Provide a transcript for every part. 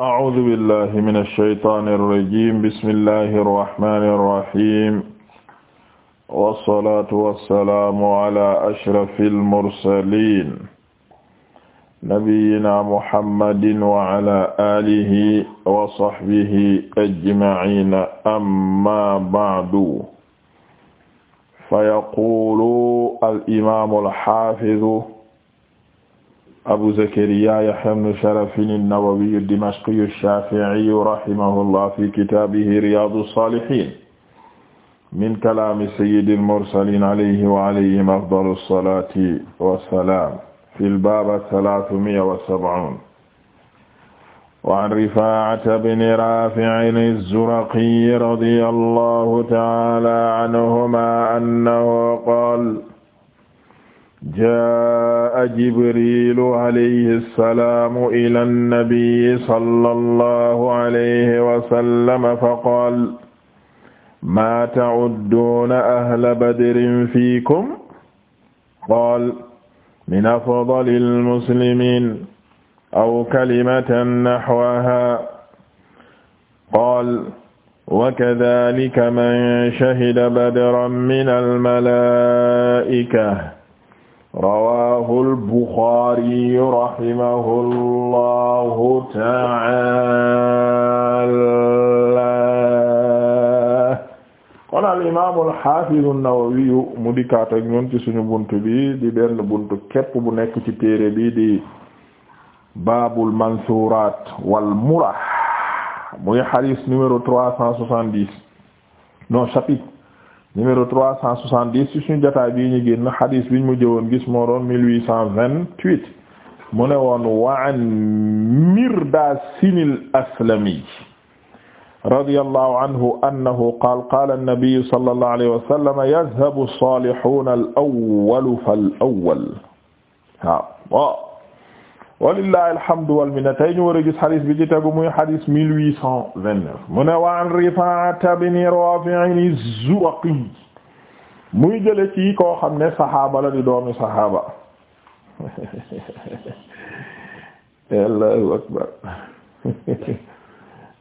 أعوذ بالله من الشيطان الرجيم بسم الله الرحمن الرحيم والصلاة والسلام على أشرف المرسلين نبينا محمد وعلى آله وصحبه أجمعين أما بعد فيقول الإمام الحافظ abu zakariya yahya ibn sharafin an-nawawi ad-dimashqi ash-shafi'i rahimahullah fi kitabihi riyadu as-salihin min kalami sayyidil mursalin alayhi wa alayhim afdalu as-salati was-salam fil bab thalaathumia wa sab'uun wa an rifaa'ata bni raafi'in az-zuraqi radiyallahu ta'ala anhuma annahu qaala jaa jibrilu alayhi salaam ila nabi sallallahu alayhi wa sallam faqaal maa ta'udduuna ahla badrin fiikum qaal min afdali almuslimiin aw kalimatan naxwahaa qaal wakadaalika man shahida badran mina almalaa'ika rawahul buxaari rahimahullahu taala kon al imaamul xaafizu nawawiyu mu dikkaat ak ñun ci suñu buntu bi di benn buntu képp bu nekk ci téere bi di baabul mansuuraat wal mulah muy xadiis numéro trois cent soixante numéro 370 ci suñu jotaay bii ñu génn hadis biñ mu jëwoon gis moo doon 1828 mu ne woon waan Mirdasin al-Aslami radiyallahu anhu annahu qaala qaala an-nabiyyu sallallahu alayhi wa sallam yadhhabu as-saalihuuna al-awwalu fal-awwal waaw walillahi alhamdu wal minna tey ñu war gis xadis bi ci tegu muy xadis mu ne waan Rifaa'a ibn Raafi'in az muy jële ci koo xam ne saxaaba la di doomi saxaaba Allahu akbar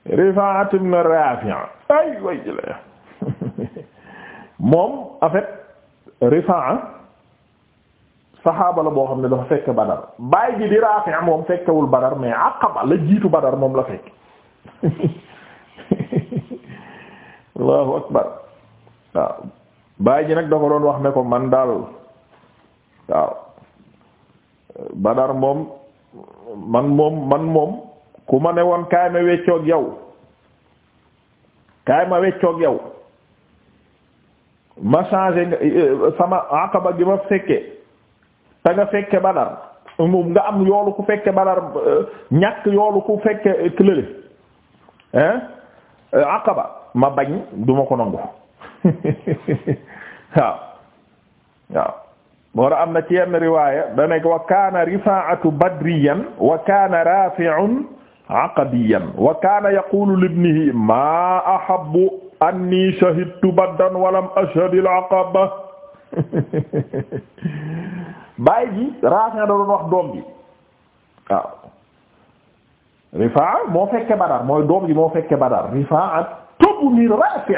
Rifaa'a ibn Raafi' ay way jële moom en fait Rifaa'a saxaaba boo xam ne dafa fekk badar baay ji di Raafi moom fekkewul badar mais Aqaba la jiitu badar moom la fekk allahu ji nag dafa doon wax ne ko man daal waaw badar moom man moom man moom ku ma ne woon kaay ma weccoog yow kaay ma weccoog yow ma changé sama Aqaba gi ma fekke te nga fekke badar nga am yoolu ku fekke badar euh, ñàkk yoolu ku fekke clële euh, hein euh, aqaba ma bañ duma ko nangu waaw waaw moo tax am na ci yenn riwaaya da nekk wa kaana rifaatu badriyan wa kaana rafi'un aqabiyan wa kaana yaqulu libnihi ma ahabbu anni shahidtu badran walam ashhad al aqaba baay ji Raafi' da wax doom bi waaw Rifaa moo fekke Badar mooy doom ji moo fekke Badar Rifaa tubni Raafi'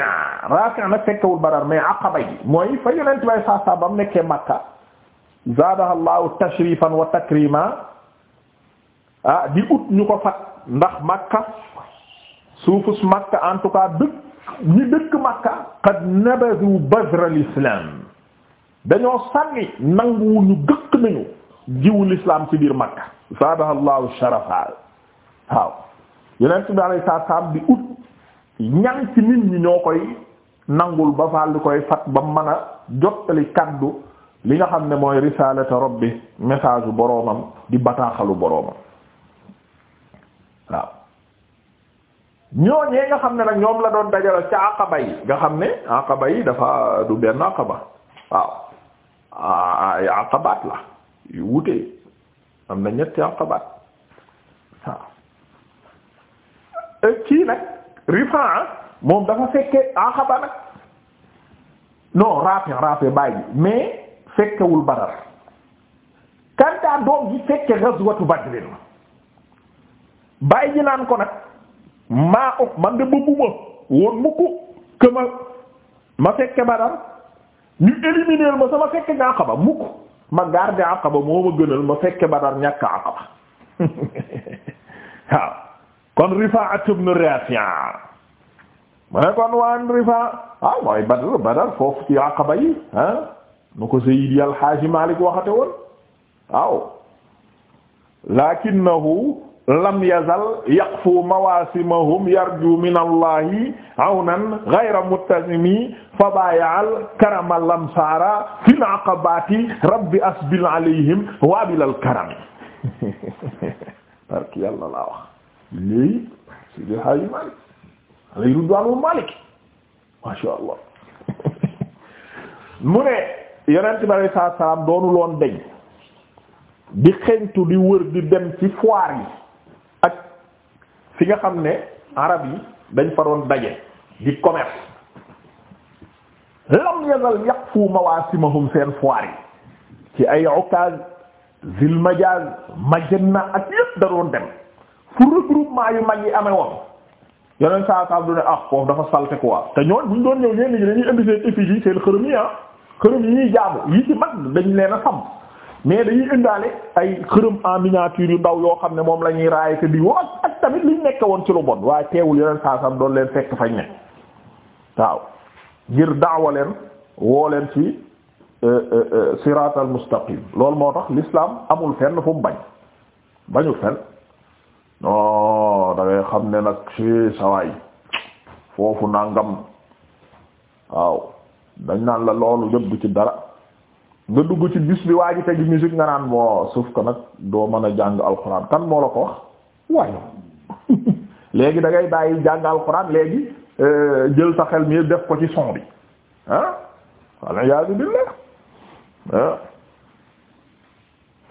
Raafi' nag fekkewul Badar mais Aqaba mooy fa Yonent bay saa saa ba mu nekkee Makka zaadaha Allahu tashrifan wa takriman ah, di ut ñu ko fat ndax Makka suufus Makka en dëkk ñi dëkk Makka qad nabadu badra al dañoo sànni nanguwul ñu gëkk nañu jiwu l'islam ci biir Makka zaadahallahu sharafa waaw yonent bi alayhi salaam bi ut ñan ci nit ñi ñoo koy nangul ba faal di koy fat ba mën a jottali kaddu li nga xam ne mooy risalata rabbi message boroomam di bataaxalu boroomam waaw ñooñee nga xam ne nag ñoom la doon dajale ci aqaba yi nga xam ne aqaba yi dafa du benn aqaba waaw ay aqabaat la yu wutee am na ñetti aqabaat waaw kii nag Rifaa moom dafa fekke aqaba nag non Raafi Raafi bàyyi mais fekkewul Badar kantaa doom ji fekke ghazwatu Badr bàyyi ji naan ko nag maa of man de bëgguma woon mukk que ma fekke Badar ñu éliminer ma sama fekke nga Aqaba mukk ma garder Aqaba moo ma gënal ma fekke Badar ñàkk Aqaba waaw kon Rifaa ibn Rafi' mu ne kon waan Rifaa ah mooy Badar Badar foofu ci Aqaba yi ah nu ko Sayyidi Al Haaji Malik waxate woon waaw lakinnahu lam yazal yaqfu mawasimahum yarju min allahi awnan ghayra mutazimi fa bayal karama lamsaara fil aqabati rabbi asbil alayhim waabilal karam parce que yàlla laa wax léegi Seydi Haaji Malik alayhi ridwaanu Malik ma sha Allah mu ne yonent bi alayhi salaam doonu loon deñ di xentu di wër di dem ci foire yi fi nga xam ne arab yi dañ fa doon daje di commerce lam yazal yaqfu mawasimahum seen foire yi ci ay okaz zil majaz majanna ak yépp da doon dem fu regroupement yu mag yi amee woon yeneen saa saa du ne ah foofu dafa salte quoi te ñooñ buñ doon ñëw ñenn ñi dañuy indi seen effigie seen xërëm yi ah xërëm yi ñuy jaamu yi ci mag dañ leen a sàmm mais dañuy indaale ay xërëm en yu ndaw yoo xam ne moom lañuy ñuy raay te di ak tamit liñ nekk woon ci lu bon waaye teewul yeneen saasam doon leen fekk fañ ne waaw ngir daawa leen woo leen ci euh, euh, euh, siraatal mustaqim loolu moo tax l'islam amul fenn fu mu bañ bañu fenn non da xam ne nag ci sawaay foofu nangam waaw dañ naan la loolu yëpp du ci dara nga dugg ci bis bi waa ji tegi musique nga naan moo suuf ko nag doo mën a jàng alxuraan kan moo la ko wax waaye léegi da ngay bàyyi jàng alxuraan léegi euh, jël sa xel mi def ko ci son bi ah, ah.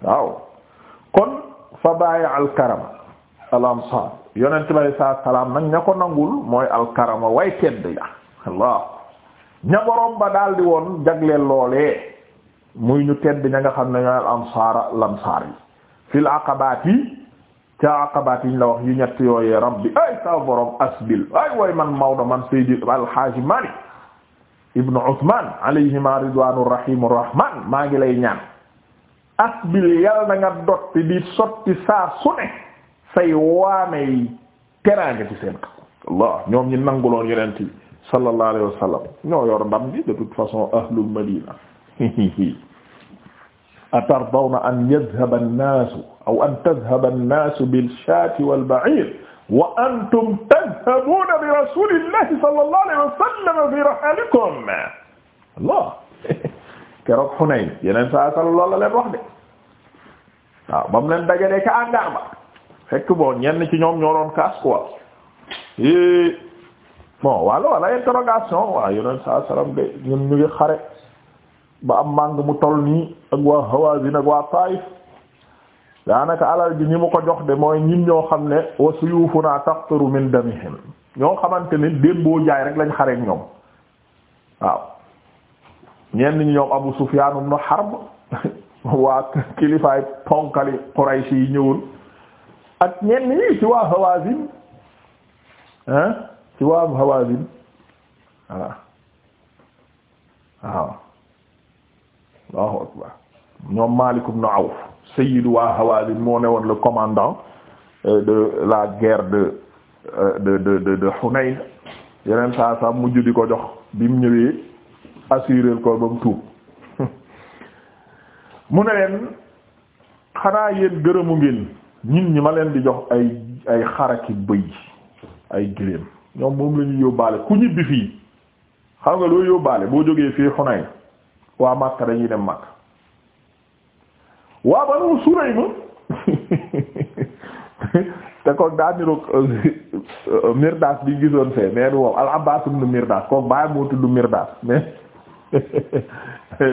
waaw kon fa bàyyi alkarama al ansar yonent bi alei salaatu nag ña ko nangul mooy alkarama way tedd ya Allah ña boroom ba daal di woon jagleel loolee muy ñu tedd ña nga xam ne ñooy ansaara lamsaar yi fil aqabaat yi ca aqabaat yi ñu la wax yu ñett yooyee rabbi ay sa borom asbil ay way man Maodo man Seydi Alxaaji Malik ibnu Usmaan alayhima ridwaanu maa ngi lay ñaan asbil yal na nga dotti di sotti saa su ne say waamey teraanga ci seen kaw Allah ñoom ñi nanguloon yonent yi sallallahu alayhi wa sallam ñoo yor ndam bi de toute façon ahlul madina atardawna an yadhhaba an-naasu aw an tadhhaba an-naasu bil-shaati wal-ba'iir wa antum tadhhabuuna bi rasuulillaahi sallallaahu alayhi wa sallam fii rihaalikum Allah keroog Hunayn yeneen saa sallam loolu la leen wax de waaw ba mu leen dajalee ca àndaar ba fekk boo ñenn ci ñoom ñoo doon kaas quoi bon walla walla interrogation waaw yeneen saa sallam de ñun ñu ngi xare. ba am màng mu toll nii ak waa Hawazin ak waa Taif daanaka alal ji ñi mu ko jox de mooy ñin ñoo xam ne wa suyufuna taqtaru min damihim ñoo xamante démboo jaay rek lañ xareek ñoom waaw ñenn ñi ñoom Abu Sufyan ibn Harb waa kilifaay ponkali Quraysh yi ñëwoon ak ñenn ñi ci waa Hawazin hein ci waa Hawazin waaw Allahu akbar ñoom Malik ibn Awf waa Hawazin moo ne woon le commandant euh, de la guerre de euh, de de de de yeneen saa saa mujj di ko jox bi mu ñëwee assuré ko ba mu tuub mu ne leen xanaa yéen gërëmu ngeen ñin ñi ma leen di jox ay ay xaraki bëy ay gëléem ñoom moom la yóbbaale ku ñibbi fii xam nga loo yóbbaale boo jógee fii Hunayn waa Makka dañuy dem Makka waa Banu Sulaym te kook daa euh, Mirdaas bi gisoon fee mais du wow al-Abbaas Mirdaas kook baay moo tudd Mirdaas mais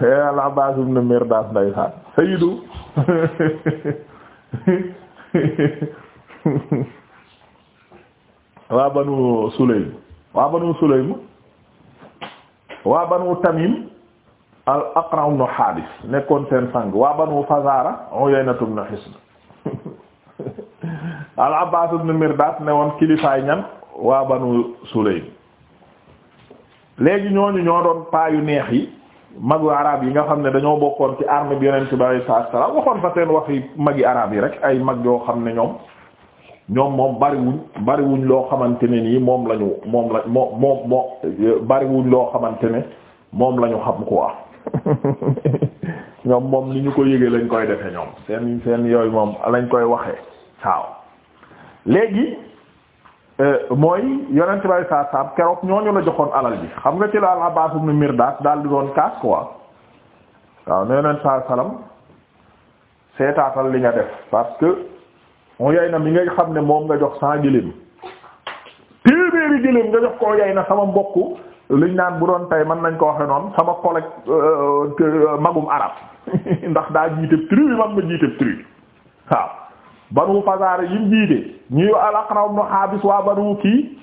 eh, al-Abbaas ibn Mirdaas ndeysaan sayyidu waa Banu Sulaym waa Banu Sulaym waa Banu Tamim al Aqra' ibn Haabis nekkoon seen sang waa Banu Fazaara na ibn Hisn al Abbaas ibn Mirdaas ne woon kilifaay ñan waa Banu Sulaym léegi ñooñu ñoo doon paayu neex yi magu arab yi nga xam ne dañoo bokkoon ci armée bi Yonent bi alayhi salaatu wa salaam waxoon fa seen waxi magi arab yi rek ay mag yoo xam ne ñoom ñoom moom bariwuñ bariwuñ loo xamante ne nii moom lañu moom la moom moom bariwuñ loo xamante ne moom lañu xam quoi. ñoom moom ni ñu ko yëgee lañ koy defe ñoom seen seen yooyu moom lañ koy waxee waaw léegi euh, mooy yonent bay saa saab keroog ñooñu la joxoon alal bi xam nga ci laal Abbaas ibn Mirdaas daal di doon kaas quoi waaw ne yonent saa salam seetaatal li nga def parce que mu yay na mi nga xam ne moom nga jox cent gëléem téeméeri gëléem nga jox koo yay na sama mbokku liñ naan bu doon tey man nañ ko waxe noon sama collègue euh, euh, magum arab ndax daa jiiteb tribu man ma jiiteb tribu waaw banu Fazaara yim jiite ñuy al-Aqra' ibn Haabis waa banu kii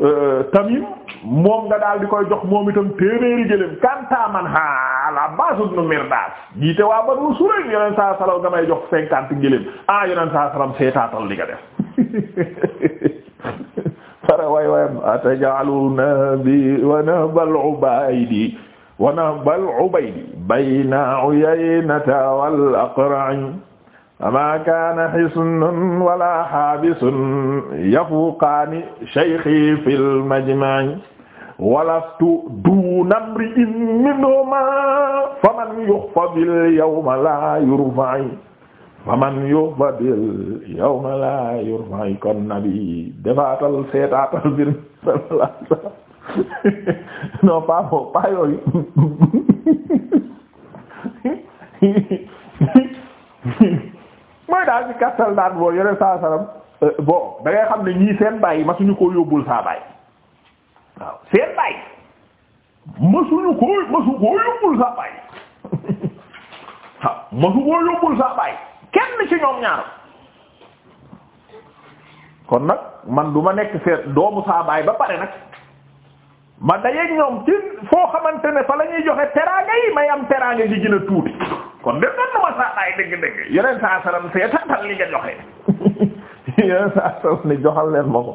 euh, Tamim moom nga daal di koy jox moom itam téeméeri gëléem kanta man ha al-Abbaas ibn Mirdaas jiite waa banu Sulaym yoneen saa salaw nga may jox cinquante gëléem ah yoneen saa salaam seetaatal li def sare way wayam atajaluna bi wa nahbal ubaydi wa nahbal ubaydi bayna uyaynata wal aqra'i ama kana hisnun wala habisun yafuqani shaykhi fil majma'i walastu duna mri'in minhuma faman yukhfa bil yawma la yurfa'i faman yuhbadil yawma la yurfay kon nabi defaatal seetaatal bir sallallahu alayhi wasallam non pas boobu pas yooyu mooy daal ci kattal daan boo yore saa salam euh, bon da ngay xam ne ñii seen bàyyi ma suñu koo yóbbul saa bàyyi waaw seen bàyyi ma suñu koo ma su koo yóbbul saa bàyyi waaw ma su koo yóbbul saa bàyyi kenn ci ñoom ñaar kon nag man du ma nekk seet doomu saa baay ba pare nag ma dajeeg ñoom ci foo xamante ne fa la ñuy joxe teraanga yi may am teraanga yi gën a tuuti kon def na ma saa baay dëgg-dëgg yeneen saa salam seetatal li nga joxe yeneen saa salam ne joxal leen ma ko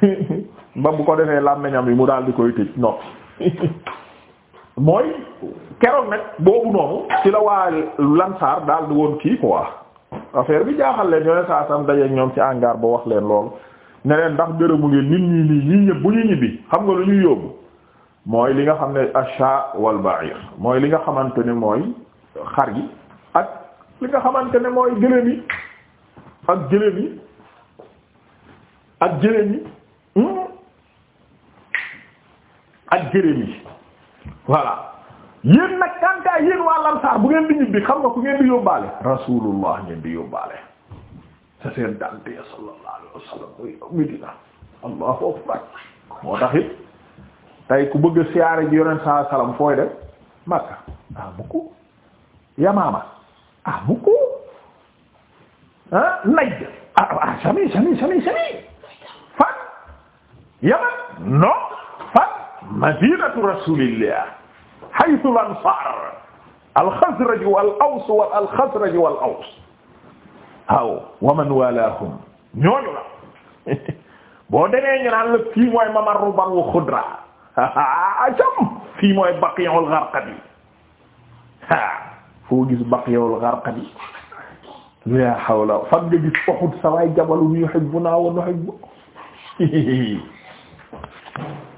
ba bu ko defee làmmiñam yi mu daal di koy tëj noppi mooy keroog nag boobu noonu ci la waa lansaar daal di woon kii quoi affaire bi jaaxal leen yoneen saa sam dajeeg ñoom ci angaar ba wax leen lool ne leen ndax gërëmu ngeen nit ñi nii bu ñu ñibbi xam nga lu ñuy yóbbu mooy li nga xam ne asha wal ba'ir mooy li nga xamante ne mooy xar yi ak li nga xamante ne mooy gëléem yi ak gëléem yi ak gëléem yi hmm? ak gëléem yi voilà yéen nag kantaa yéen waa Lansaar bu ngeen di ñibbi xam nga ku ngeen di yóbbaale rasulullah ngeen di yóbbaale sa seen dante sallallahu alayhi wasallam muy Medina allahu akbar moo tax it tey ku bëgg siyaare ji yoneen saa salaam fooy def Makka ah bukku Yamaama ah bukku ah Najd ah ah sami sami sami sami fan Yaman non madinatu rasulillah haythu al ansar al khazraj wal aws wal al khazraj wal aws waaw wa man walahum ñooñu la boo demee ñu naan la fii mooy mamaru barwu xudra ajam fii mooy baqi'ul gharqadi foo gis baqi'ul gharqadi la hawla fan nga gis Uhud sawaay jabalun yuhibbuna wa nuhibbu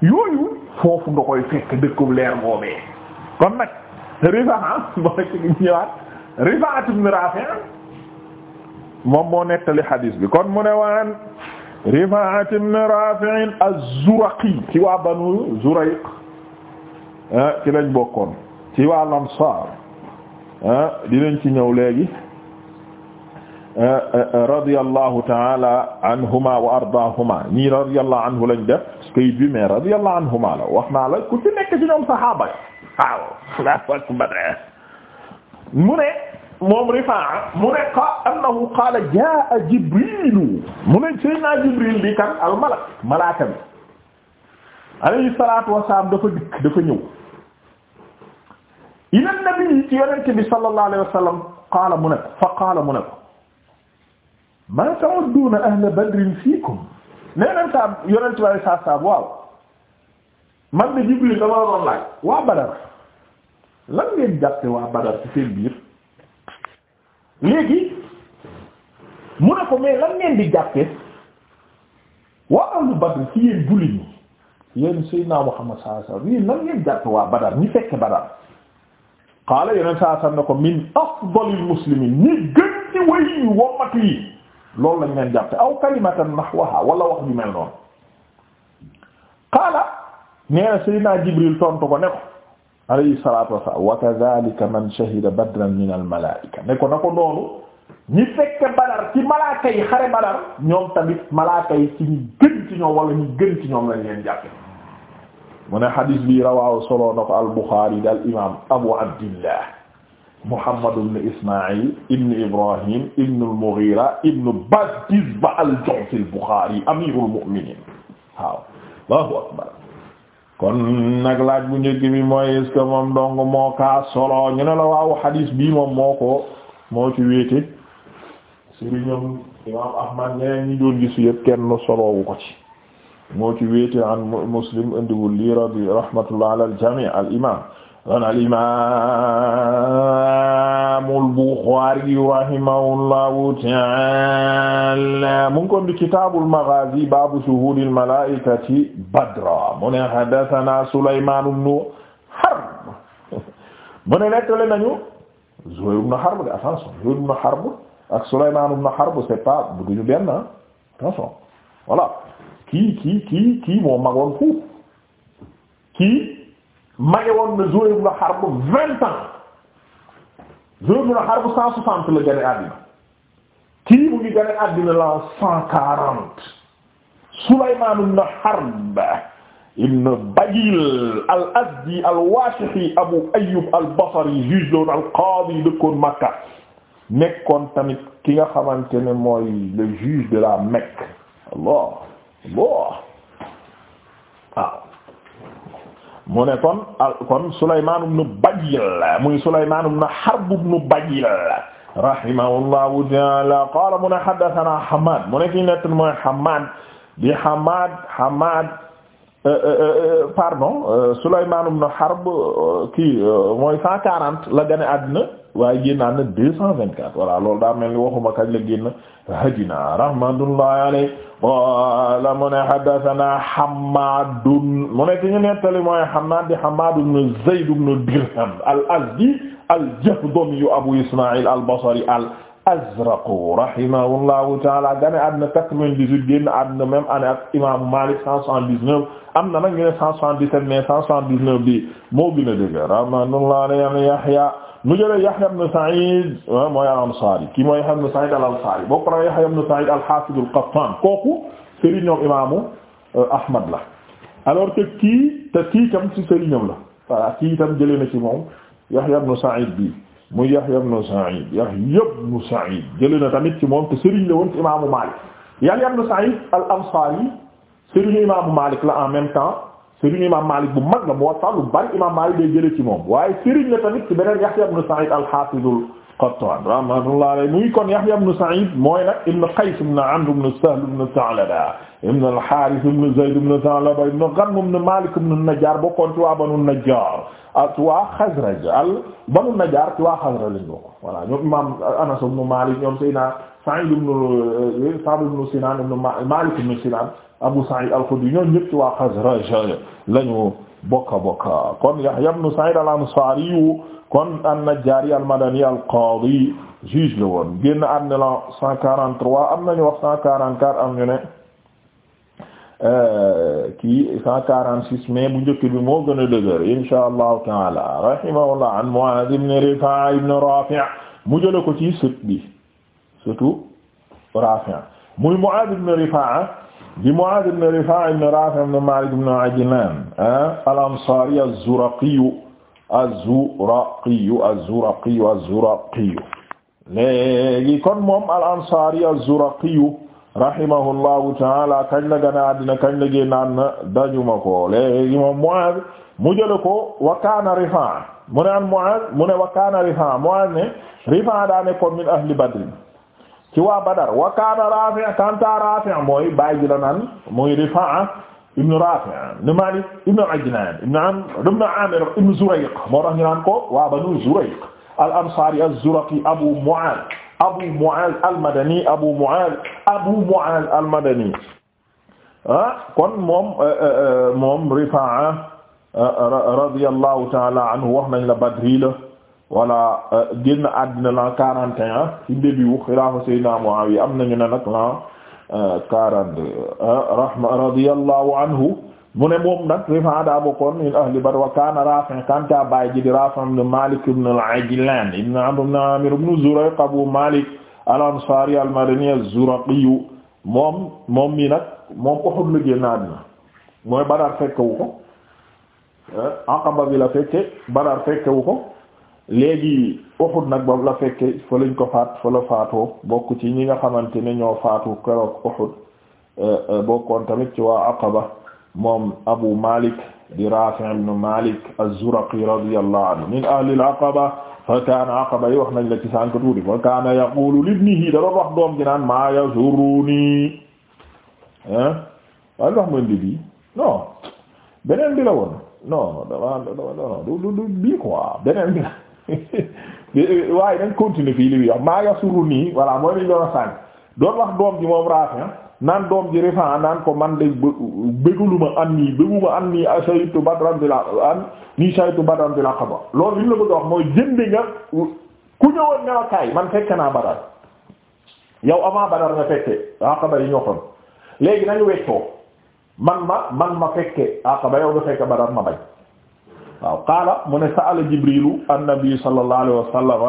yooyu foofu nga koy fekk dëkkub leer boobee kon nag Rifaa ah, moo nekk gi ñëwaat Rifaa Raafi' moom moo nettali xadiis bi kon mu ne waan Rifaa ibn Raafi' az-Zuraqi ci waa Banu Zurayq ah, ci lañ bokkoon ci waa Ansaar ah, dinañ ci ñëw léegi radiyallahu ta'ala anhuma këyit bi mais radiyallahu anhuma la wax naa la ku ci nekk ci ñoom saxaaba waaw Allahu akbar mu ne moom Rifaa mu ne qa annahu qaala jaa Jibriilu mu ne Seydina Jibriil bi kan al malak malaaka bi alayhi salaatu wassalaam dafa dikk dafa ñëw ila nabi ci yonent bi sallallahu alayhi wa sallam qaala mu ne ko fa qaala mu ne ko maa ta'udduuna ahla badrin fiikum nee nañ saa yonent bi saa saa waaw man de Jibril dama doon laaj waa Badar lan ngeen jàppe waa Badar ci seen biir léegi mu ne ko mais lan ngeen di jàppe waa ahlu Badr ci yéen jullit ñi yéen Seydina Muhammad saa saa yéen lan ngeen jàppe waa Badar ñi fekk Badar qaala yonent saa saa ne ko min afdalil muslimiin ñi gën ci way wommatu yi loolu lañ leen jàppe aw kalimatan nahwaha wala wax bi mel noonu qaala nee na sayyidina jibril tontu ko ne ko alayhi salatu wassalam wa kadhalika man shahida badran min al malaika ne ko na ko noonu ñi fekke badar ci malaaka yi xare badar ñoom tamit malaaka yi ci ñu gën ci ñoom wala ñu gën ci ñoom lañ leen jàppe mu ne xadis bi rawaaw soloo na ko al Buxaari daal imaam Abu Abdillah Muhammad ibn Ismaïl ibn Ibrahim ibn al-Mughira ibnu Badizba al-Ju'fi al-Bukhari amirul mu'minin waaw Allahu akbar kon nag laaj bu njëkk bi mooy est moom dong moo kaa solo ñu ne la waaw hadis bi moom moo ko moo ci wéete sëriñam imam Ahmad ñeneen ñi doon gis yëpp kenn soloowu ko ci moo ci wéete an Muslim indiwul lii rabi rahmatullah ala al-jami' al-imam kon al imaamul Buxaari rahimahullahu ta'aala mu ngi ko di kitaabul maghaazi baabu shuhuudil malaa'ikati badra mu ne haddasanaa Sulaymaan ibnu Harb mu ne nettali nañu Zuhayr ibnu Harb de attention Zuhayr ibnu Harb ak Sulaymaan ibnu Harb c'est pas bu duñu benn attention voilà kii kii kii kii moo magoon fu kii mage woon na Zuhayr vingt ans Zuhayr ibn Harb cent soixante la gane àddina kii la cent quarante Sulaymaan ibn Harb al-Azdi al-Washihi Abu Ayyub al-Basri juge loon al-qaadi dëkkoon Makka nekkoon tamit ki nga xamante ne le juge de la Mecque Allah Allah mu ne kon kon Sulaymaan ibn Bajil muy Sulaymaan ibn Harb ibn Bajil rahimahullahu ta'ala qaala mu ne haddathana Hammaad mu ne ki nett mooy Hammaad di Hammaad Hammaad Euh, euh, euh, pardon Sulaymaan ibn Harb kii mooy cent quarante la gane àddina waaye génn àddina deux cent vingt-quatre voilà loolu daa mel ni waxuma kañ la génn hadina rahmatullahi alayhi qala mu ne haddathana Hammaadun mu ne ki ñu nettali mooy Hammaad di Hammaad ibn Zayd ibn Dirham al-Azdi al-Jahdami Abu Ismaa'il al-Basri al azraqu rahimahullahu taala gane àddina quatre bi dix huit génn àddina même année ak imaamu Malik cent soixante-dix-neuf am na nag ñu ne cent soixante-dix-sept mais moo a dëgg rahmatullah alayhi Yahya mu jëlee Yahya ibn Sa'id mooy al-Ansari kii mooy Yahya ibn Sa'id al-Ansari ko Yahya ibn Sa'id al-Hafiz al-Qattan kooku sëriñ ñoom euh, Ahmad la alors que kii te kii tam ci sëriñ ñoom la voilà kii tam jëlee na ci moom Yahya ibn Sa'id bi mu Yahya ibn Sa'id Yahya ibn Sa'id jëlee na tamit ci moom te Serigne la woon ci imaamu Malik Yahya ibn Sa'id al-Ansari Serigne imaamu Malik la en même temps Serigne imam Malik bu mag la moo tax lu bari imam Malik day jëlee ci moom waaye Serigne la tamit ci beneen Yahya ibn Sa'id al-Hafiz Qattan rahmatullah alayhi muy kon Yahya ibn Sa'id mooy nag ibn Qays ibn Amr ibn Sahl ibn Tha'laba ibn al-Harith ibn Zayd ibn Tha'laba ibn Ghanm ibn Malik ibn an-Najjar bokkoon ci waa Banu Najjar ak waa Khazraj al Banu Najjar ci waa Khazraj lañ bokk voilà ñoom imam Anas ibn Malik ñoom Seydina Sa'id ibn Sa'd ibn Sinan ibn Malik ibn Sinan Abu Sa'id al-Khudri ñoom ñëpp ci waa Khazraj lañu bokka bokka kon Yahya ibn Sa'id al-Ansari kon an-Najjari al-Madani al-Qadi juge la woon génn am na la 143 am nañu wax 144 am ñu ne euh, kii 146 mais bu njëkk bi moo gën a dëgër insha Allahu ta'ala rahimahullah an Mu'adh ibn Rifa'a ibn Rafi' mu jële ko ci sët bi surtout Rafi' muy Mu'adh ibn Rifa'a di Mu'aaz ibn Rifaa' ibn Raafi' ibn Maalik ibn Ajlaan ah, al-Ansaari az-Zuraqiyu az-Zuraqiyu az-Zuraqiyu az-Zuraqiyu léegi kon moom al-Ansaari az-Zuraqiyu rahimahullahu ta'aala kañ la gane àddina kañ la génn àddina dajuma ko léegi moom Mu'aaz mu jël ko wa kaana Rifaa' mu ne an Mu'aaz mu ne wa kaana Rifaa' Mu'aaz ne Rifaa' daa nekkoon min ahli Badr ci waa Badar wa kaana Rafi' kanta Rafi' mooy baay ji la naan mooy Rifa'a ibn Rafi' ibn Malik ibn Ajlan ibn Amr ibn Amir ibn Zurayq moo tax ñu naan ko waa Banu Zurayq al-Ansari az-Zuraqi Abu Mu'adh Abu Mu'adh al-Madani Abu Mu'adh Abu Mu'adh al-Madani ah kon moom eh, eh, eh, moom Rifa'a radiyallahu ta'ala anhu wax nañ la Badri la voilà euh, génn àddina l'an quarante et un ci début wu xilaafa Seydina Muawiya am nañu ne nag l'an euh, quarante-deux rahma radiyallahu anhu mu ne kanta baay ji di Raafi' ibn Maalik ibn al-Ajlaan ibn Abu Maalik al-Ansaari al moom mi nag moom Uhud la génn mooy Badar fekkewu ko euh, Aqaba bi fekke Badar fekkewu ko léegi Uhud nag boobu la fekkee fa ko faat fa faatoo bokk ci ñi nga xamante ne ñoo faatu keroog Uhud euh, euh, bokkoon tamit ci waa Aqaba moom Abu Malik di Rafi' ibn Malik az-Zuraqi radiyallahu anhu min ahli al-Aqaba fa kaana Aqaba yi wax nañ la ci sànq tuuti fa libnihi da wax doom ji naan maa yasurruni ah waaye wax mën di bii non beneen bi la woon du du du bii quoi beneen bi waaye dañ continuer fii li bi wax maa yasuru nii voilà mooy liñ doon a sànq doon wax doom ji moom raafi naan doom ji rifan naan ko man de bëgguluma an nii bëgguma an nii saytu badran bi la an nii saytu badran bi la xaba loolu li ñu la bëgg a mooy jëndi nga ku ñëwoon ne kaay man fekke naa badar yow avant badar nga fekke aqaba yi ñoxoon léegi nañu weccoo man ma man ma fekke aqaba yow nga fekke badar ma bañ waaw qaala mu ne sa'ala Jibrilu annabi sallallahu alayhi wa sallam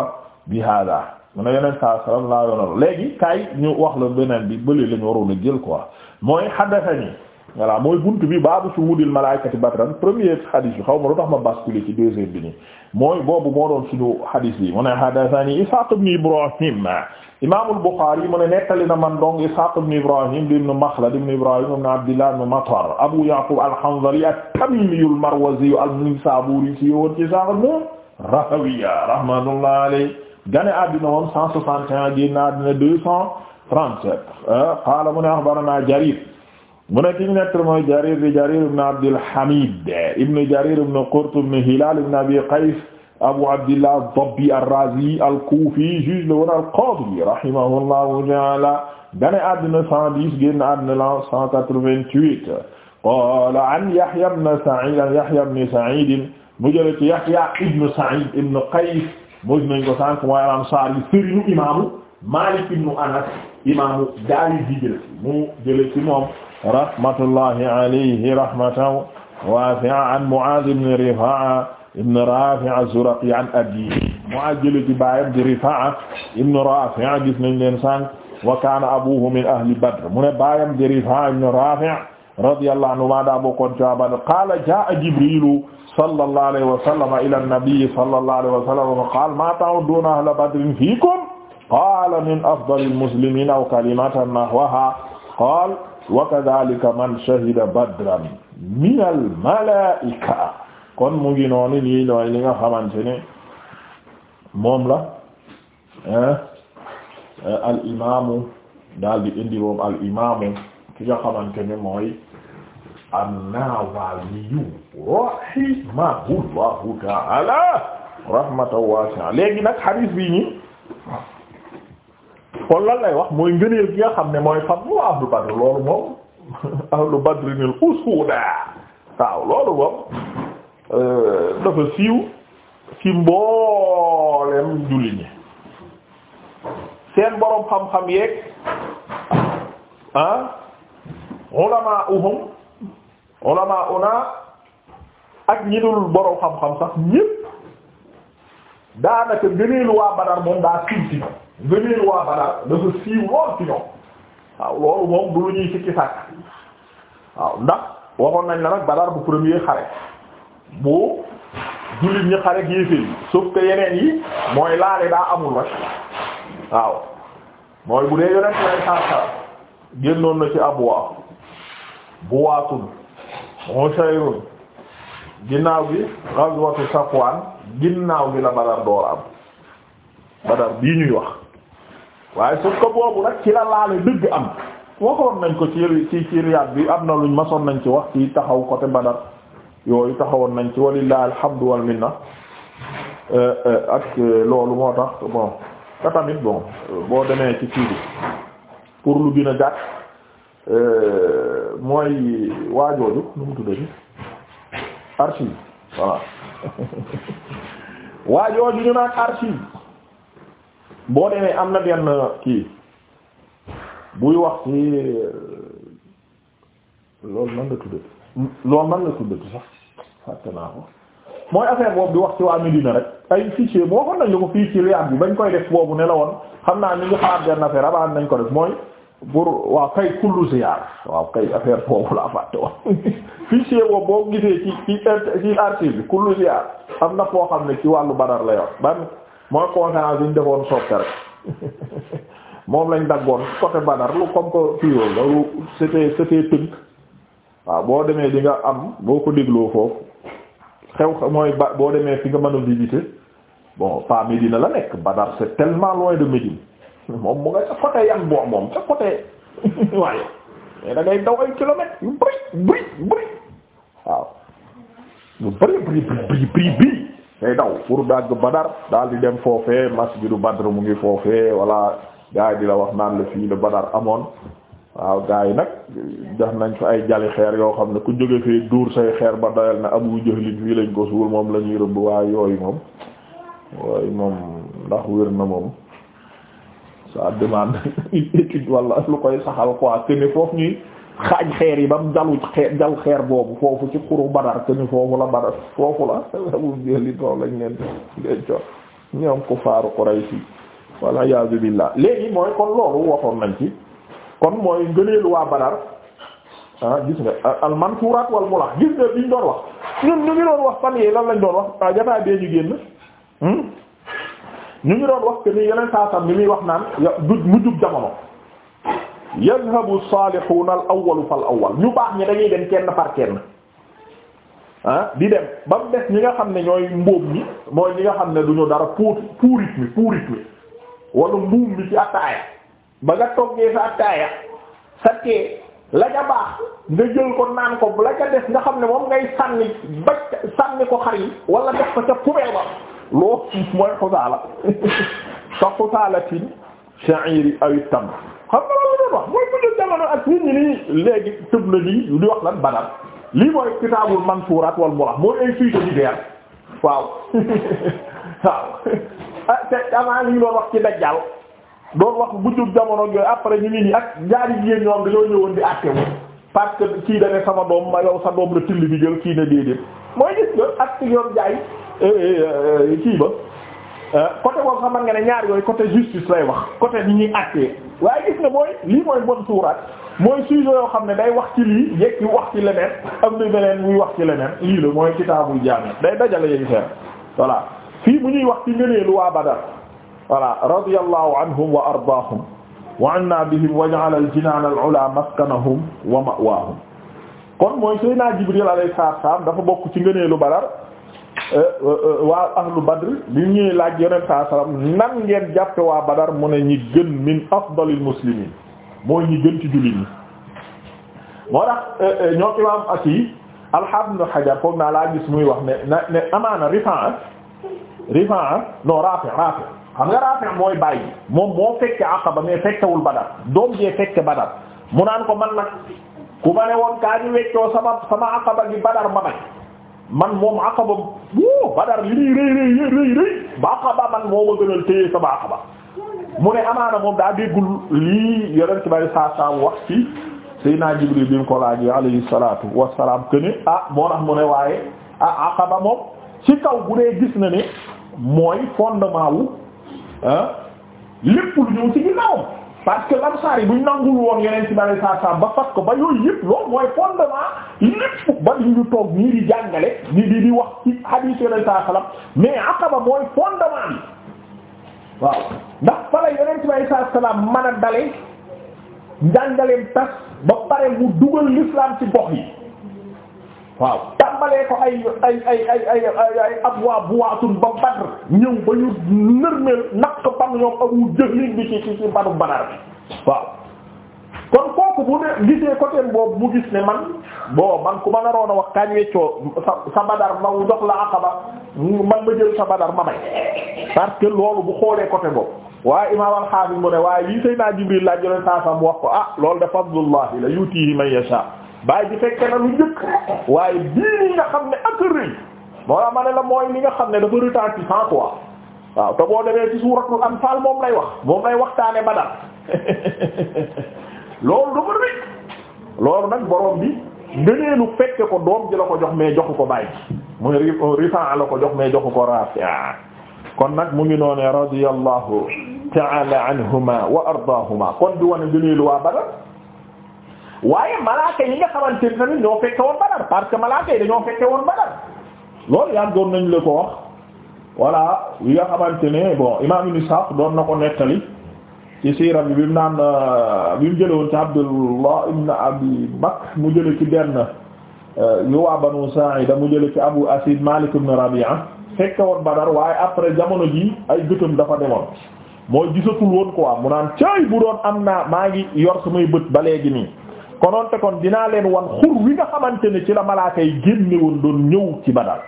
bi hada mu ne yeneen saa sallam laa yoonal léegi kay ñu wax la beneen bi bële la ñu waroon a jël quoi mooy haddathani voilà mooy buntu bi baabu suhudil malaikati batran premier hadis bi xaw ma lu tax ma basculer ci deuxième bi nii mooy boobu moo doon suñu hadis yi mu ne haddathani Ishaq ibn Ibrahim imaamul Buxaari mu ne nettali na man dong Ishaaq ibn Ibrahim ibn Makhlad ibn Ibrahim ibn Abdillah ibn Matar Abu Yaqub al-Hanzali at-Tamimi al-Marwazi an-Naysaburi si woon ci Ishaaq ibn Rahawiya rahmatullahi alayhi gane àddina woon 161 génn àddina 237 euh, qaala mu ne axbaranaa Jarir mu ne ki ñu nettali mooy Jarir di Jarir ibn Abdil Hamid ibn Jarir ibn Qurt ibn Hilal ibn Abi Qays abu abdillah ad-Dabbi ar-Razi al-Kufi juge le woon al-Qadi rahimahullahu ta'ala gane àddina 110 génn àddina la 188 qala an Yahya ibn Sa'id an Yahya ibn Sa'id mu jële ci Yahya ibn Sa'id ibn Qays mos nañ ko sànq mooy al-Ansari sëriñu imaamu Malik ibn Anas imaamu daari dijël mu jële ci moom rahmatullahi alayhi rahmatan wasi'a an Mu'adh ibn Rifa'a ibn Rafi' az-Zuraqi an abi mu ajjële ci baayam di Rifa'a ibn Rafi' gis nañ leen sànq wa kana abuhu min ahli Badr mu ne baayam di Rifa'a ibn Rafi' radiyallahu anhu ma daa bokkoon ci Badr qala jaa Jibrilu sallallahu alayhi wa sallam ila an-nabi sallallahu alayhi wa sallam fa qala ma ta'udduna ahla Badrin fiikum qala min afdali al-muslimin aw kalimatan nahwaha qala wa kadhalika man shahida Badran min al-mala'ika kon mu ngi noonu lii looy li nga xamante ne moom la al imaamu daal di indi al imaamu ki nga xamante ne mooy an-Nawawi rahimahullahu ta'ala rahmatan wasi'a léegi nag xadiis bi nii kon lan lay wax mooy ngëneel gi nga xam ne mooy fadlu ahlu badr loolu moom ahlu badrinil usuda waaw loolu moom Euh, dafa siiw ci mboolem julli ñi seen boroom xam-xam yeeg ah ulama uhum ulama una ak ñi boroom xam-xam sax ñépp daanaka gëneelu waa Badar moom daa siiw ci ñoom gëneelu waa Badar dafa siiw lool ci ñoom waaw loolu moom du lu ñuy sikki sàkk waaw ndax waxoon nañ la nag Badar bu premier xare bu jullit ñi xare ak yi sauf que yeneen yi mooy laale daa amul rek waaw mooy bu dee yonent lay sarsar génnoon na ci abwa buwaatun ushayrun ginnaaw gi ghazwatu safwan ginnaaw gi la badar door am badar bii ñuy wax waaye sauf que boobu nag ci la laale dëgg am waxoon nañ ko ci ci ci riyaat bi am na luñ masoon nañ ci wax ci taxaw côté badar yooyu taxawoon nañ ci walillahi alhamdu wal minna euh, euh, ak euh, loolu moo tax bon te tamit bon boo demee ci kii pour lu gën a gàtt mooy waajooju nu mu tuddati archive voilà waajooju ñu naan archive boo demee am na benn kii buy wax ci loolu nan la tuddati loolu nan la tuddati sax fàtte naa ko mooy affaire boobu bi wax ci waa Medina rek ay fichier moo xam nañ la ko fii ci Riyad bi bañ koy def boobu ne la xam naa ni ngi xaar benn affaire avant nañ ko def mooy pour waaw kay kullu ziyaar waaw kay affaire boobu laa fàtte woon fichier boobu boo gisee ci ci ci bi kullu ziyaar am na foo xam ne ci wàllu Badar la yor ban mooy conférence yi ñu defoon soppi rek moom lañ daggoon côté Badar lu comme que fii loolu c'était c'était tënk waaw boo demee di nga am boo ko dégloo xew mooy ba boo demee fi nga mën a visiter bon pas Médina la nekk Badar c'est tellement loin de Médine moom mu nga ca côté yan boo moom ca côté waaye mais da ngay daw ay kilomètres yu bëri bëri bëri waaw yu bëri bëri bëri bëri bëri ngay daw pour dagg Badar daal di dem foofee masjidu Badr mu ngi foofee walla gaa yi di la wax naan la fii la Badar amoon waaw gars yi nag jox nañ fa ay jali xeer yoo xam ne ku jóge fee duur say xeer ba doyal na Abu Jahlin fii lañ ko suul moom la ñuy rëbb waaye yooyu moom yooyu moom ndax wér na moom ça demande lu koy saxal quoi que ni foofu ñuy xaaj xeer yi ba mu jalu xeer boobu foofu ci xuru Badar que ni foofu la Badar foofu la Abu Jahlin loolu lañ leen leen jox ñoom ko faaru Quraysh wala yaazu billah léegi mooy kon loolu waxoon nañ ci. kon mooy ngëneelu waa Badar ah gis nga al mansuuraat wal mulah gis nga liñ doon wax ñun ñu ngi doon wax fan yii lan lañ doon wax ah, jotaay bee ñu génn hmm? ñu ngi doon wax que ni yeneen saasam ni muy wax naan mu jub jamono yazhabu saalihuuna al awwalu fal awwal ñu baax ñi dañuy dem kenn par kenn ah, di dem ba mu des ñi nga xam ne ñooy mbóob mi mooy ñi nga xam ne duñu ñu dara puut puurit mi puurit mi wala mbuum mi ci attaaya ba nga toggee sa attaaya sa tee la ca baax nga jël ko naan ko la des nga xam ne moom ngay sànni ba sànni ko xar yi wala def ko ca poubelle ba loo mooy xusaala sa xusaalatin sha'iri aw tamr xam nga loolu mooy bu ñu ak nit ñi nii léegi tëb na lii di wax lan banal lii mooy kitaabul mansuuraat wal murah mooy ay suite di deer waaw waaw ah te avant li ñu doon wax ci dajjal doon wax guddi jamono yooyu après ñu ngi nii ak ñaari jigéen ñoom dañoo ñëwoon di àtte wu parce que kii da ne sama doom ma yow sa doom la till bi jël kii ne déedéet mooy gis nga ak yoon jaay eh, eh, eh, kii ba ah, côté boobu xam nga ne ñaar yooyu côté justice lay wax côté ni ñuy àttee waaye gis nga mooy lii mooy bon suuraat mooy sujet yoo xam ne day wax ci lii yëg yu wax ci leneen am na beneen muy wax ci leneen lii la mooy kitaabul jaami day dajale yéen seen voilà fii bu ñuy wax ci ngëneelu waa voilà radiyallahu anhum wa ardaahum wa anna bihim wa ja'ala al-jinaan al-'ulaa maskanahum wa ma'waahum kon mooy Seydina Jibril alayhi salaam dafa bokk ci ngëneelu Badar euh, euh, waa ahlu Badr bi ñuy laaj Yonent saa salaam nan ngeen jàppe waa Badar mu ne ñi gën min afdalil muslimiin mooy ñi gën ci jullit ñi moo tax euh, ñoo imaam asi alhamdu hajar foog naa laa gis muy wax ne na ne amaana Rifaa Rifaa non Raafi Raafi xam nga Raafi' mooy bàyyi moom moo fekke Aqaba mais fekkewul Badar doom jee fekke Badar mu naan ko man nag ku ma ne woon kaa ñu weccoo sama sama Aqaba Badar ma nag man moom Aqaba woo Badar lii rëy rëy rëy rëy ba Aqaba man moo ma gënal sama Aqaba mu ne amaana moom daa déggul lii yonent bi sallallahu alayhi wa sallam wax ci Seydina Jibril bi mu ko laajee alayhi salaatu wassalaam këne ah moo tax mu ne waaye ah Aqaba moom ci kaw bu dee gis na ne mooy fondement ah lépp lu ñëw ci ginnaawam parce que lamsaar yi buñ nangul woon yeneen ci bari saa saa ba fat ko ba yooyu yëpp loolu mooy fondement lépp ba li ñu toog ñii di jàngale di di di wax ci hadith yeneen saa mais akaba mooy fondement bi waaw ndax fa la yeneen ci bari saa salam mën a dale njàngaleem tas ba pare mu dugal l'islam ci gox yi waaw tàmbalee ko ay ay ay ay ay ay abwa buwaatun ba Badr ñëw ba ñu nërmeel naq ban ñoom Abu Jahl bi ci ci ci banu Badar bi waaw kon kooku bu ne gisee côté boobu mu gis ne man bon man ku ma naroon a wax kañ weccoo sa sa Badar ma jox la Aqaba man ma jël sa Badar ma may parce loolu bu xoolee côté boobu waaye imaam al-Hafiz mu ne waaye lii Seydina Jibril laaj yoneen saa sam wax ko ah loolu de fadlullahi la yutihi man yasha bàyyi bi fekke na lu njëkk waaye bii nga xam ne ak rëy moo la ma ne la mooy li nga xam ne dafa retentissant quoi waaw te boo demee ci suuratul anfaal moom lay wax moom lay waxtaane badal loolu dafa rëy loolu nag borom bi ngëneelu fekke ko doom ji la ko jox mais joxu ko bàyyi muy rifan la ko jox mais joxu ko rafi kon nag mu ngi noonee radiyallahu ta'ala anhuma wa ardaahuma kon di wane ngëneelu waa badal waaye malaaka yi nga xamante ne tamit ñoo fekke woon Badar parce que malaaka yi dañoo fekke woon Badar loolu yàggoon nañu la ko wax voilà yi nga xamante ne bon imaam Ibn Sa'd doon na ko nettali ci siira bi bi mu naan euh, bi mu jële woon ci Abdullah ibn Abi Bakr mu jële ci benn euh, yu waa Banu Sa'ida mu jële ci Abu Asid Malik ibn Rabi'a fekke woon Badar waaye après jamono ji ay gëtëm dafa demoon mooy gisatul woon quoi mu naan cay bu doon am naa maa ngi yor samay bët ba léegi nii konoon te kon dinaa leen wan xur wi nga xamante ne ci la malaaka yi génnewoon doon ñëw ci Badar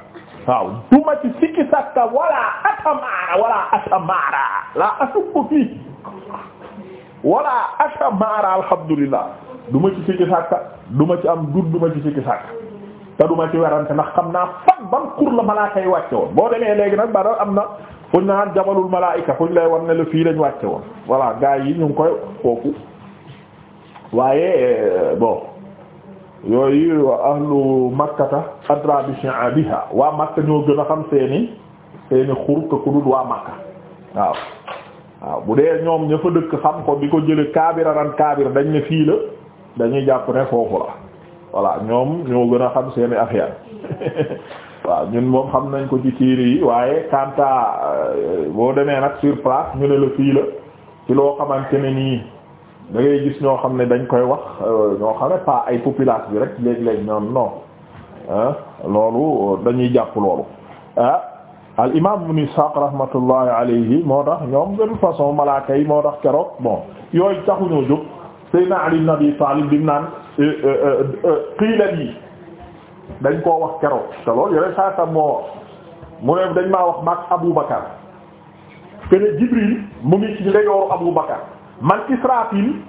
waaw duma ci sikki sakka wala atamaara wala atamaara la asukku fii wala atamaara alhamdulillah duma ci sikki sakka duma ci am dut duma ci sikki sakka te duma ci werante ndax xam naa fan ban xur la malaaka yi wàcce woon boo demee léegi nag Badar am na fuñ naan jabalul malaayika fuñ lay wan ne la fii lañ wàcce woon voilà gaa yi ñu koy foofu waaye bon yooyu ahlu makkata adra bi shi'abiha waa makka ñoo gën a xam seeni seeni xur ko ku waa makka waaw waaw bu dee ñoom ña fa dëkk xam ko bi ko jële kaabiraran kaabir dañ ne fii la dañuy jàpp ne foofu la voilà ñoom ñoo gën a xam seeni affaire waaw ñun moom xam nañ ko ci tiir yi waaye kanta euh, boo demee nag sur ñu ne la fii la ci loo xamante ne nii da gis ñoo xam ne dañ koy wax euh, ñoo xam ne pas ay populace bi rek léeg-léeg ñoom non loolu dañuy jàpp loolu ah al imam ibn Ishaq rahmatullahi alayhi moo tax ñoom de malaaka yi moo tax keroog bon yooyu taxuñoo jóg Seydina Ali ibn Abi Talib bi naan xiilat euh, euh, yi dañ koo wax keroog te loolu yore saa sa moo mu ne dañ maa wax maag Abu Bakar kene Jibril mu ngi ci ndeyooru Abu Bakar man Israafil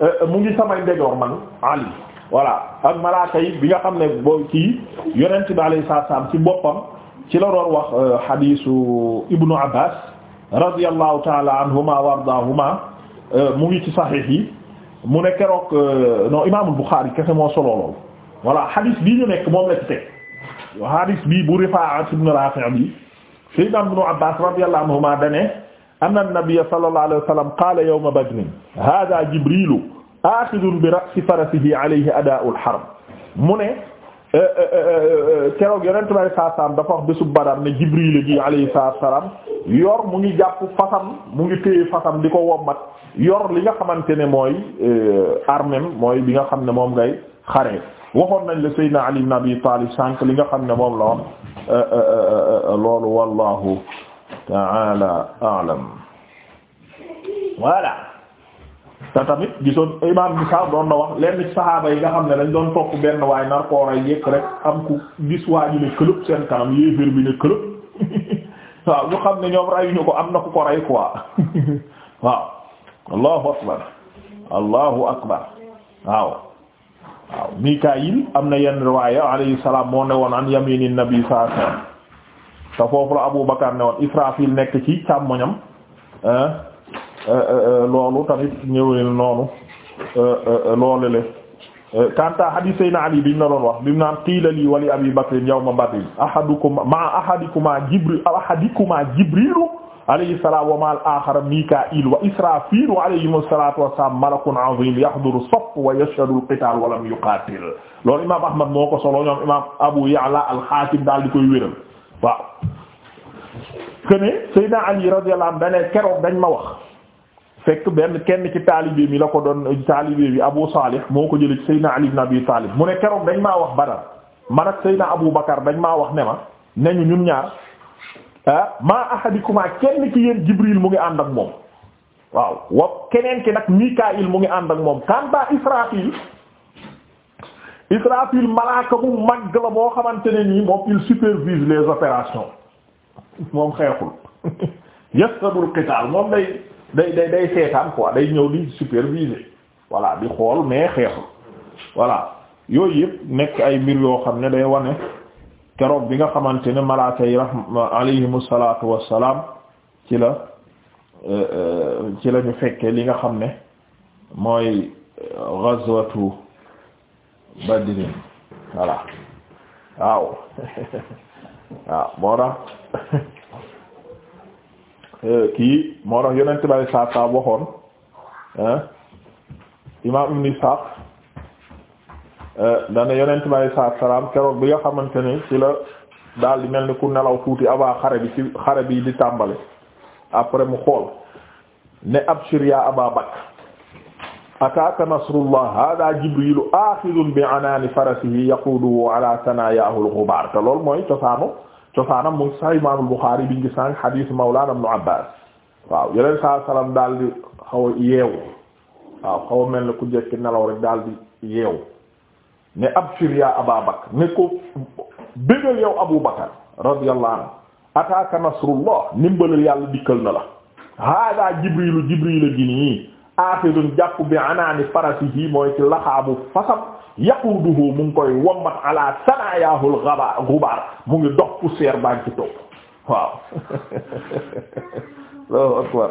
euh, mu ngi samay ndejoor man Ali voilà ak malaaka bi nga xam ne boo kii yonent bi alayhi salaam ci boppam ci la doon wax euh, hadiisu Ibnu Abbaas radiyallahu taala anhuma wa ardaahuma euh, mu ngi ci saxiix yi mu ne keroog non Imaamul bu Rifaa'a ibn Raafi' bi Sayyidina Ibnu Abbaas radiyallahu anhuma dane anna nabiyya sallallahu alayhi wa sallam qaala yawma badrin haaza jibriilu aaxidun bi ra'si farasihi alayhi adaa'ul harb mu ne eh, eh, eh, keroog yonent bi alayhi salaam dafa wax bésub Badar ne Jibril gi alayhi salaam yor mu ngi jàpp fasam mu ngi téye fasam di ko wommat yor li nga xamante ne mooy armem mooy bi nga xam ne moom ngay xaree waxoon nañ la Seydina Ali ibn Abi Talib sànq li nga xam ne moom la woon loolu wallaahu ta'ala a'lam voilà te tamit gisoon imam Gisaw doon na wax lenn saxaaba yi nga xam ne dañ doon topp benn waay nar koo rey yëkk rek am ku gis waa ñu ne këlëb seen kanam yéeféer bi ne këlëb waaw ñu xam ne ñoom reyuñu ko am na ku ko rey quoi waaw allahu akbar allahu akbar waaw waaw Mikaayil am na yenn riwaaya alayhi salaam moo ne woon an yamini nabi sallallahu alayhi wasallam te foofu la Abu Bakar ne woon Israfil nekk ci càmmoñam euh, euh, loolu tamit ñëwee noonu euh, loolu le kanta hadis sayna ali bimu na doon wax bimu naan qiila lii wali abi bakrin yawma badrin ahadukuma ma ahadikuma jibril ahadikuma jibrilu alayhi salaam wa ma'al akhar mika'il wa israfil alayhimu salatu wassalam malakun azim yahduru saff wa yashhadu al-qital wa lam yuqatil loolu imam ahmad moo ko solo ñoom imam abu ya'la al-hakim daal di koy wéral waaw kene Seydina Ali radiyallahu anhu dane keroog dañ ma wax fekk benn kenn ci taalibe mi la ko doon taalibe bi Abu Salih moo ko jële ci Seydina Ali ibn Abi Talib mu ne keroog dañ maa wax Badar man ak Seydina Abu Bakar dañ maa wax ne ma ne ñu ñun ñaar ah maa ahadikuma kenn ci yéen Jibril mu ngi ànd ak moom waaw keneen ki nag Mikaayil mu ngi ànd ak moom kanta Israfil Israfil malaaka bu mag la boo xamante ne nii moom il supervise les opérations moom xeexul yastabul qital moom day day day day seetaan quoi day ñëw di superviser voilà bi xool mais xeexul voilà yooyu yëpp nekk ay mbir yoo xam ne day wane keroog bi nga xamante ne malaaka yi rahma alayhimu salaatu wassalaam ci la euh, euh, ci la ñu fekkee li nga xam ne mooy euh, ghazwatu badrin voilà waaw waaw moo tax euh, kii moo tax yonent bari saab saab waxoon imaam ibn Isaaq euh, dana yonent bari saab salaam keroog bi nga xamante ni ci la daal di mel ni ku nelaw tuuti avant xare bi ci xare bi di tàmbali après mu xool ne abshir yaa Abaa Bakr ataaka nasrullah hada jibrilu axidun bi anaani farasihi yaquuduhu ala sanayaahu lgubaar te loolu mooy cosaanu cosaanam mu ngi sax imaamul Buxaari bi ngi sànq xadiis mawlaana ibnu Abbaas waaw yeneen saa salaam daal di xaw a yeewu waaw xaw a mel ne ku jekki nelaw rek daal di yeewu ne abshir yaa Abaa Bakr ne ko bégal yow Abu Bakr radiyallahu anhu ataaka nasrullah ndimbalal yàlla dikkal na la hada jibrilu jibril a gi nii xaafidun jàpp bi anaani farasihi mooy ci laxaabu fasam yaquduhu mu ngi koy wommat ala sanaayahul gaba gubaar allahu akbar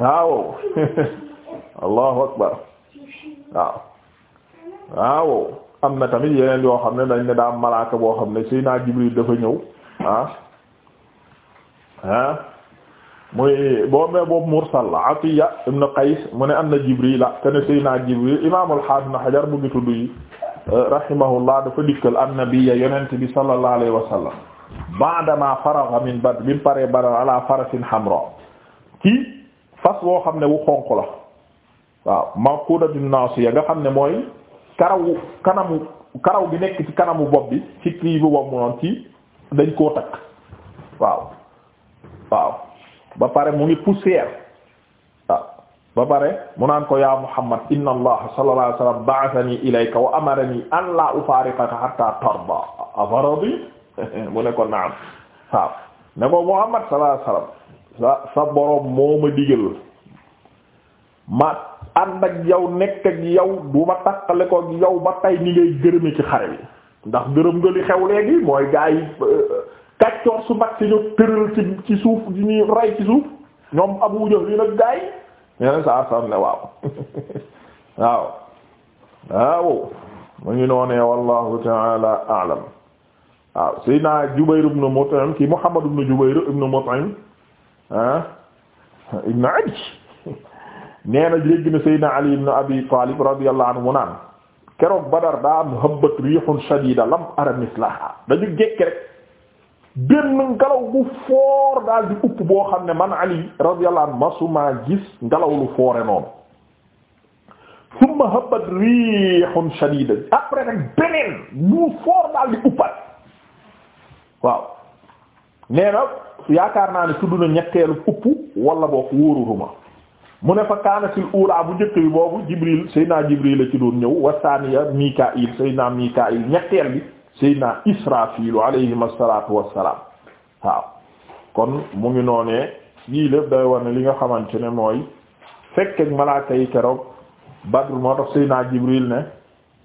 waaw allahu akbar waaw am na tamit yeneen yoo xam ne dañ ne daa malaaka boo xam ne Seydina Jibril dafa ñëw ah ah muy boo mee boobu mursal la Atiya ibn Qays mu ne am na Jibril kana sayna Jibril imaam al-Hafiz Hajar mu ngi tudd yi rahimahullah dafa dikkal annabiyya yonent bi sallallahu alayhi wa sallam ba'dama faragha min Badr bi mu paree ala farasin hamra ci fas woo xam ne wu xonq la waaw maqudatun nasiya nga xam ne mooy karawu kanamu karaw bi nekk ci kanamu bopp bi ci bu bopp mu noonu ci dañ koo takk waaw ba pare mu ngi poussière waaw ba pare mu naan ko yaa Muhammad inna allah sallallahu alayhi wa sallam ba'athani ilayka wa amarani an la tarda afaradi mu ne ko naam waaw ne ko Muhammad sallallahu alayhi wa sallam sa sa boroom moo ma digal ma ànd ak yow nekk ak yow du ma takkale ko yow ba tey ni ngay gërëme ci xare bi ndax gërëm nga li xew léegi mooy gaa kàccoor su mag si ñu ci suuf di ñuy rey ci suuf ñoom Abu Jahl li nag gaay yeneen saa saa ne waaw waaw waaw mu ngi noonee wallahu ta'ala a'lam waaw Seydina Jubayr ibn Mut'im ki Muhammad ibn Jubayr ibn Mut'im ah ibn Adiy nee na léegi Ali ibn Abi Talib radiyallahu anhu mu naan keroog Badar daa am habbat shadida lam ara mislaha dañu jekk benn ngelaw bu foor daal di upp boo xam ne man ali radiyallahu anhu masuma gis ngelaw lu foore noonu summa habat rihun shadida après nag beneen bu foor daal di uppat waaw nee yaakaar naa ne tudd na ñetteelu upp wala boog wóoruruma mu ne fa kaanatil ula bu njëkk bi boobu jibril sayyidina jibril la ci doon ñëw wa thaniya mikail sayyidina mikail ñetteel bi Seydina Israfilu alayhim asalatu wassalam waaw kon mu ngi noonee yii lépp day war ne li nga xamante ne mooy fekk ak malaaka yi keroog Badr moo tax Seydina Jibril ne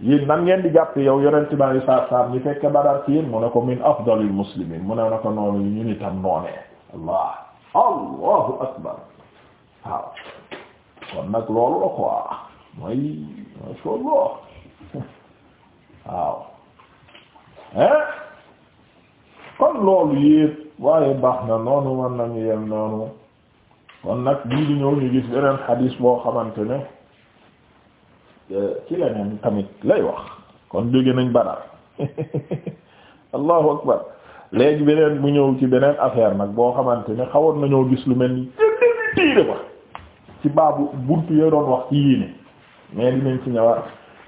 yéen nan ngeen di jàpp yow yonente bi alei saatu salaam ñi fekke Badar ci mu ne ko min afdalil muslimin mu ne na ko noonu ñu ni tam noonee allah allahu akbar waaw kon nag loolu la quoi mooy masha Allah waaw hein kon loolu yépp waaye baax na noonu war nañu yem noonu kon nag bii di ñëw ñu gis beneen xadiis boo xamante ne eh, ci leneen tamit lay wax kon jóge nañ Badar allahu akbar léegi beneen bu ñëw ci beneen affaire nag boo xamante ne xawoon nañoo gis lu mel ni téere ba ci baabu buntu yooyu doon wax ci yii nii mais dinañ ci ñëwaat